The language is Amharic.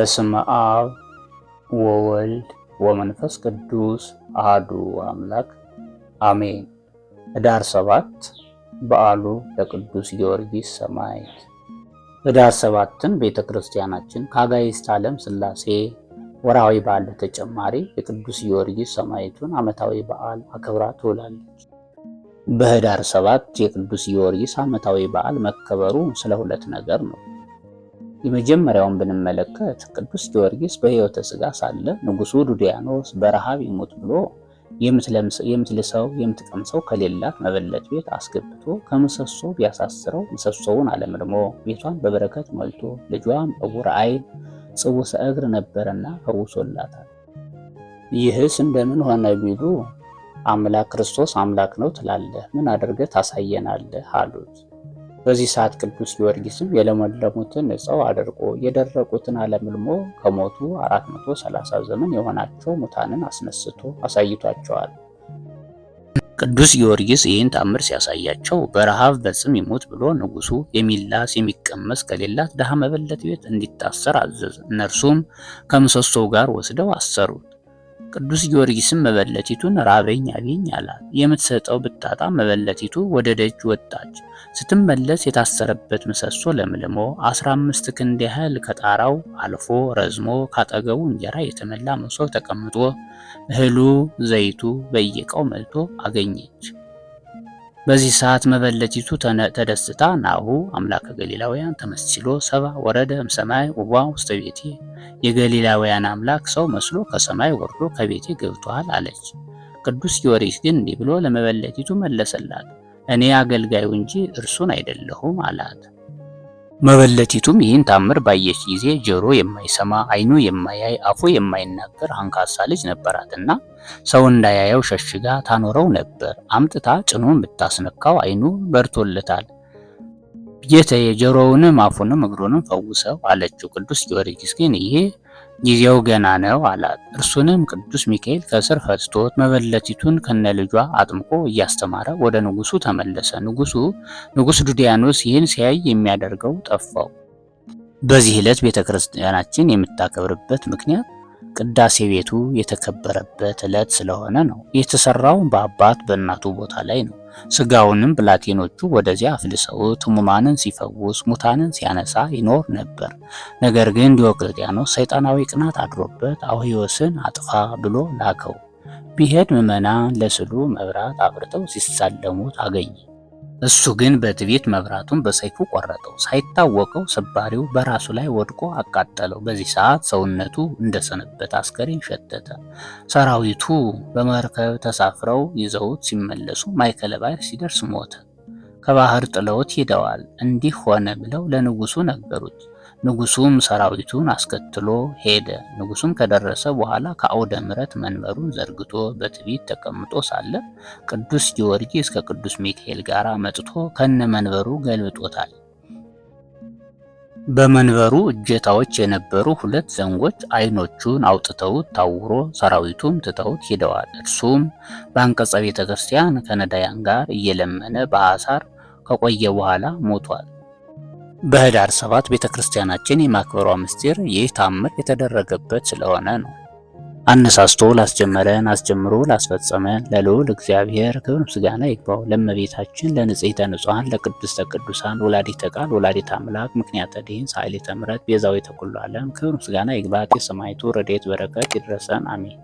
በስመ አብ ወወልድ ወመንፈስ ቅዱስ አህዱ አምላክ አሜን። ህዳር ሰባት በዓሉ ለቅዱስ ጊዮርጊስ ሰማዕት። ህዳር ሰባትን ቤተ ክርስቲያናችን ከአጋዕዝተ ዓለም ሥላሴ ወርሃዊ በዓል በተጨማሪ የቅዱስ ጊዮርጊስ ሰማዕቱን ዓመታዊ በዓል አክብራ ትውላለች። በህዳር ሰባት የቅዱስ ጊዮርጊስ ዓመታዊ በዓል መከበሩ ስለ ሁለት ነገር ነው። የመጀመሪያውን ብንመለከት ቅዱስ ጊዮርጊስ በሕይወተ ሥጋ ሳለ ንጉሱ ዱዲያኖስ በረሃብ ይሞት ብሎ የምትልሰው የምትቀምሰው ከሌላት መበለት ቤት አስገብቶ ከምሰሶ ቢያሳስረው ምሰሶውን አለምልሞ ቤቷን በበረከት ሞልቶ ልጇም ዕውረ ዓይን ጽውሰ እግር ነበረና ፈውሶላታል። ይህስ እንደምን ሆነ ቢሉ አምላክ ክርስቶስ አምላክ ነው ትላለህ፣ ምን አድርገህ ታሳየናለህ አሉት። በዚህ ሰዓት ቅዱስ ጊዮርጊስም የለመለሙትን እጸው አድርቆ የደረቁትን አለምልሞ ከሞቱ 430 ዘመን የሆናቸው ሙታንን አስነስቶ አሳይቷቸዋል። ቅዱስ ጊዮርጊስ ይህን ታምር ሲያሳያቸው በረሃብ በጽም ይሙት ብሎ ንጉሱ የሚላስ የሚቀመስ ከሌላት ድሃ መበለት ቤት እንዲታሰር አዘዘ። እነርሱም ከምሰሶው ጋር ወስደው አሰሩት። ቅዱስ ጊዮርጊስም መበለቲቱን ራበኝ አቤኝ አላት። የምትሰጠው ብታጣ መበለቲቱ ወደ ደጅ ወጣች። ስትመለስ የታሰረበት ምሰሶ ለምልሞ አስራ ክንድ ያህል ከጣራው አልፎ ረዝሞ ካጠገቡ እንጀራ የተመላ መሶብ ተቀምጦ እህሉ ዘይቱ በየቀው መልቶ አገኘች። በዚህ ሰዓት መበለቲቱ ተደስታ ናሁ አምላከ ገሊላውያን ተመስሎ ሰባ ወረደ እምሰማይ ውቧ ውስተ ቤቴ የገሊላውያን አምላክ ሰው መስሎ ከሰማይ ወርዶ ከቤቴ ገብቷል አለች። ቅዱስ ጊዮርጊስ ግን እንዲህ ብሎ ለመበለቲቱ መለሰላት፣ እኔ አገልጋዩ እንጂ እርሱን አይደለሁም አላት። መበለቲቱም ይህን ታምር ባየች ጊዜ ጆሮ የማይሰማ አይኑ የማያይ አፉ የማይናገር አንካሳ ልጅ ነበራትና ሰው እንዳያየው ሸሽጋ ታኖረው ነበር። አምጥታ ጭኑን ብታስነካው አይኑ በርቶለታል። ጌታዬ ጆሮውንም አፉንም እግሩንም ፈውሰው አለችው። ቅዱስ ጊዮርጊስ ግን ይሄ ጊዜው ገና ነው አላት። እርሱንም ቅዱስ ሚካኤል ከስር ፈትቶት መበለቲቱን ከነልጇ አጥምቆ እያስተማረ ወደ ንጉሱ ተመለሰ። ንጉሱ ንጉስ ዱዲያኖስ ይህን ሲያይ የሚያደርገው ጠፋው። በዚህ ዕለት ቤተክርስቲያናችን የምታከብርበት ምክንያት ቅዳሴ ቤቱ የተከበረበት ዕለት ስለሆነ ነው። የተሰራው በአባት በእናቱ ቦታ ላይ ነው። ስጋውንም ብላቴኖቹ ወደዚያ አፍልሰውት ሕሙማንን ሲፈውስ ሙታንን ሲያነሳ ይኖር ነበር። ነገር ግን ዲዮቅልጥያኖስ ሰይጣናዊ ቅናት አድሮበት አውሂዮስን አጥፋ ብሎ ላከው። ቢሄድ ምዕመናን ለስዕሉ መብራት አብርተው ሲሳለሙት አገኘ። እሱ ግን በትዕቢት መብራቱን በሰይፉ ቆረጠው። ሳይታወቀው ስባሪው በራሱ ላይ ወድቆ አቃጠለው። በዚህ ሰዓት ሰውነቱ እንደሰነበት አስከሬን ሸተተ። ሰራዊቱ በመርከብ ተሳፍረው ይዘውት ሲመለሱ ማይከለ ባሕር ሲደርስ ሞተ። ከባህር ጥለውት ሂደዋል፣ እንዲህ ሆነ ብለው ለንጉሱ ነገሩት። ንጉሱም ሰራዊቱን አስከትሎ ሄደ። ንጉሱም ከደረሰ በኋላ ከአውደ ምረት መንበሩን ዘርግቶ በትቢት ተቀምጦ ሳለ ቅዱስ ጊዮርጊስ ከቅዱስ ሚካኤል ጋር መጥቶ ከነ መንበሩ ገልብጦታል። በመንበሩ እጀታዎች የነበሩ ሁለት ዘንጎች አይኖቹን አውጥተውት ታውሮ ሰራዊቱም ትተውት ሄደዋል። እርሱም በአንቀጸ ቤተ ክርስቲያን ከነዳያን ጋር እየለመነ በአሳር ከቆየ በኋላ ሞቷል። በህዳር ሰባት ቤተ ክርስቲያናችን የማክበሯ ምስጢር ይህ ታምር የተደረገበት ስለሆነ ነው። አነሳስቶ ላስጀመረን አስጀምሮ ላስፈጸመን ለልዑል እግዚአብሔር ክብር ምስጋና ይግባው። ለእመቤታችን ለንጽሕተ ንጹሐን ለቅድስተ ቅዱሳን ወላዲተ ቃል ወላዲተ አምላክ ምክንያተ ድኅን ሣህሊተ ምሕረት ቤዛዊተ ኩሉ ዓለም ክብር ምስጋና ይግባት። የሰማዕቱ ረድኤት በረከት ይድረሰን። አሜን።